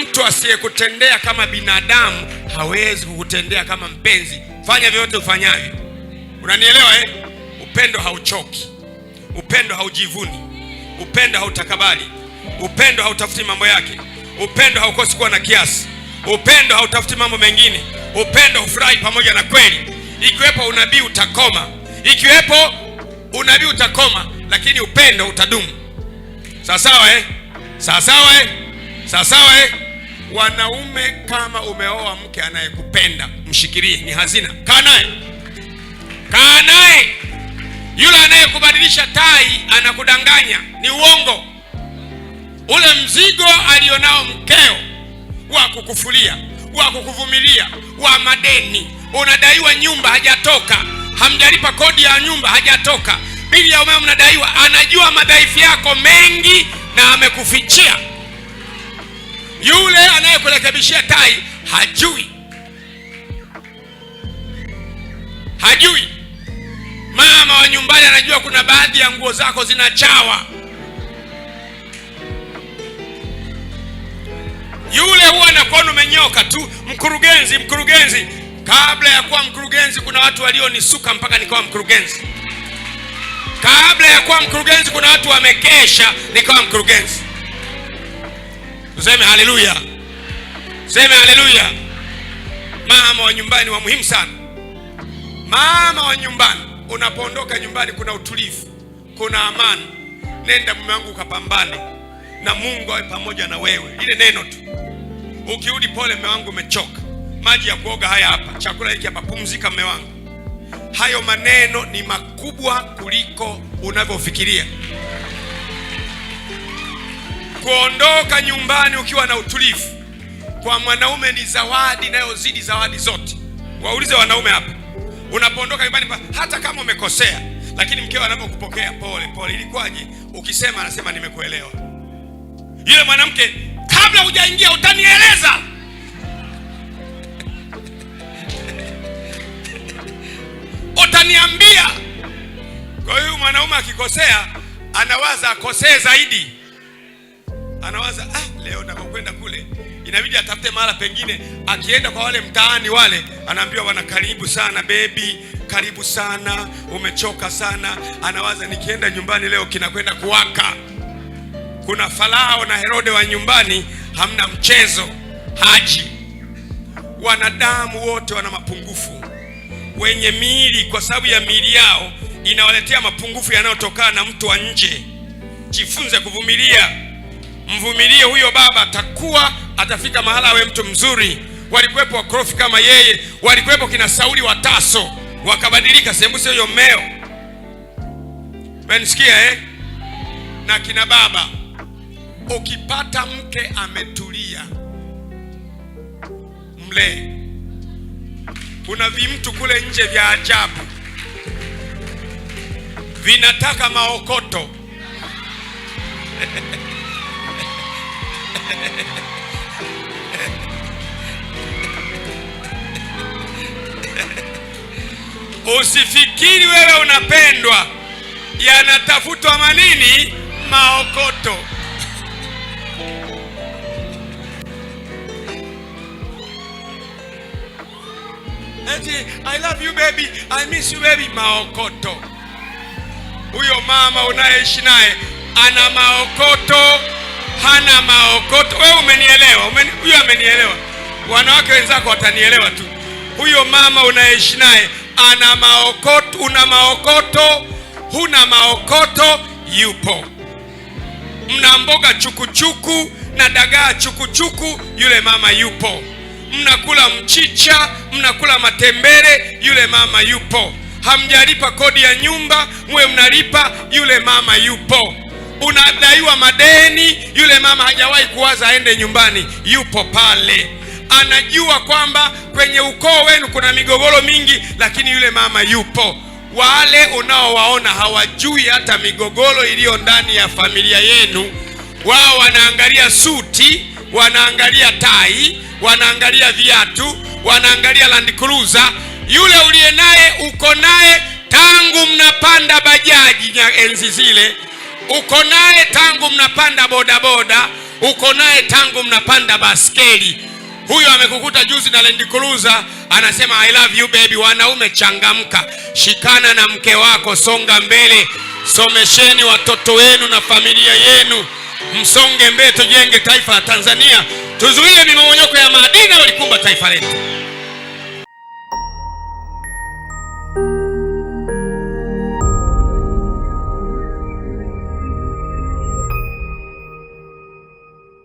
Mtu asiyekutendea kama binadamu hawezi kukutendea kama mpenzi. Fanya vyote ufanyavyo, unanielewa eh? Upendo hauchoki, upendo haujivuni, upendo hautakabali, upendo hautafuti mambo yake, upendo haukosi kuwa na kiasi, upendo hautafuti mambo mengine, upendo hufurahi pamoja na kweli, ikiwepo unabii utakoma ikiwepo unabii utakoma, lakini upendo utadumu. Sawasawa eh? Sawasawa eh? Sawasawa eh? Wanaume, kama umeoa mke anayekupenda mshikilie, ni hazina. Kaa naye, kaa naye. Yule anayekubadilisha tai anakudanganya, ni uongo. Ule mzigo alionao mkeo wa kukufulia, wa kukuvumilia, wa madeni, unadaiwa nyumba hajatoka hamjalipa kodi ya nyumba, hajatoka bili ya umeme mnadaiwa. Anajua madhaifu yako mengi na amekufichia. Yule anayekurekebishia tai hajui, hajui. Mama wa nyumbani anajua kuna baadhi ya nguo zako zinachawa. Yule huwa anakuona umenyoka tu. Mkurugenzi, mkurugenzi Kabla ya kuwa mkurugenzi, kuna watu walionisuka mpaka nikawa mkurugenzi. Kabla ya kuwa mkurugenzi, kuna watu wamekesha nikawa mkurugenzi. Tuseme haleluya, tuseme haleluya. Mama wa nyumbani wa muhimu sana. Mama wa nyumbani, unapoondoka nyumbani kuna utulivu, kuna amani. Nenda mume wangu, ukapambane na Mungu awe pamoja na wewe, ile neno tu. Ukirudi pole, mume wangu umechoka maji ya kuoga haya hapa, chakula hiki hapa, pumzika mme wangu. Hayo maneno ni makubwa kuliko unavyofikiria. Kuondoka nyumbani ukiwa na utulivu kwa mwanaume ni zawadi inayozidi zawadi zote. Waulize wanaume hapa, unapoondoka nyumbani, hata kama umekosea, lakini mkeo anapokupokea pole pole, ilikuwaje? Ukisema anasema nimekuelewa. Yule mwanamke kabla hujaingia utanieleza utaniambia. Kwa hiyo mwanaume akikosea anawaza akosee zaidi, anawaza ah, leo nitakwenda kule, inabidi atafute mahala pengine. Akienda kwa wale mtaani wale, anaambiwa bwana, karibu sana bebi, karibu sana, umechoka sana. Anawaza nikienda nyumbani leo kinakwenda kuwaka. Kuna Farao na Herode wa nyumbani, hamna mchezo haji. Wanadamu wote wana mapungufu wenye miili kwa sababu ya miili yao inawaletea mapungufu yanayotokana na mtu wa nje. Jifunze kuvumilia, mvumilie huyo baba, atakuwa atafika mahala awe mtu mzuri. Walikuwepo wakorofi kama yeye, walikuwepo kina Sauli wa wakabadilika, sehemu sio mmeo. menisikia eh? na kina baba, ukipata mke ametulia mlee kuna vimtu kule nje vya ajabu vinataka maokoto Usifikiri wewe unapendwa, yanatafutwa manini? Maokoto. eti I love you baby, I miss you baby. Maokoto huyo mama unayeishi naye ana maokoto, hana maokoto. Wewe umenielewa? Huyo amenielewa, wanawake wenzako watanielewa tu. Huyo mama unayeishi naye ana maokoto, una maokoto, huna maokoto, yupo. Mna mboga chukuchuku na dagaa chukuchuku, yule mama yupo mnakula mchicha, mnakula matembele, yule mama yupo. Hamjalipa kodi ya nyumba, mwe mnalipa, yule mama yupo. Unadaiwa madeni, yule mama hajawahi kuwaza aende nyumbani, yupo pale. Anajua kwamba kwenye ukoo wenu kuna migogoro mingi, lakini yule mama yupo. Wale unaowaona hawajui hata migogoro iliyo ndani ya familia yenu, wao wanaangalia suti wanaangalia tai, wanaangalia viatu, wanaangalia Land Cruiser. Yule uliye naye uko naye tangu mnapanda bajaji ya enzi zile, uko naye tangu mnapanda bodaboda, uko naye tangu mnapanda baskeli. Huyo amekukuta juzi na Land Cruiser, anasema I love you baby. Wanaume changamka, shikana na mke wako, songa mbele, somesheni watoto wenu na familia yenu. Msonge mbele, tujenge taifa la Tanzania, tuzuie mimomonyoko ya maadili ulikumba taifa letu.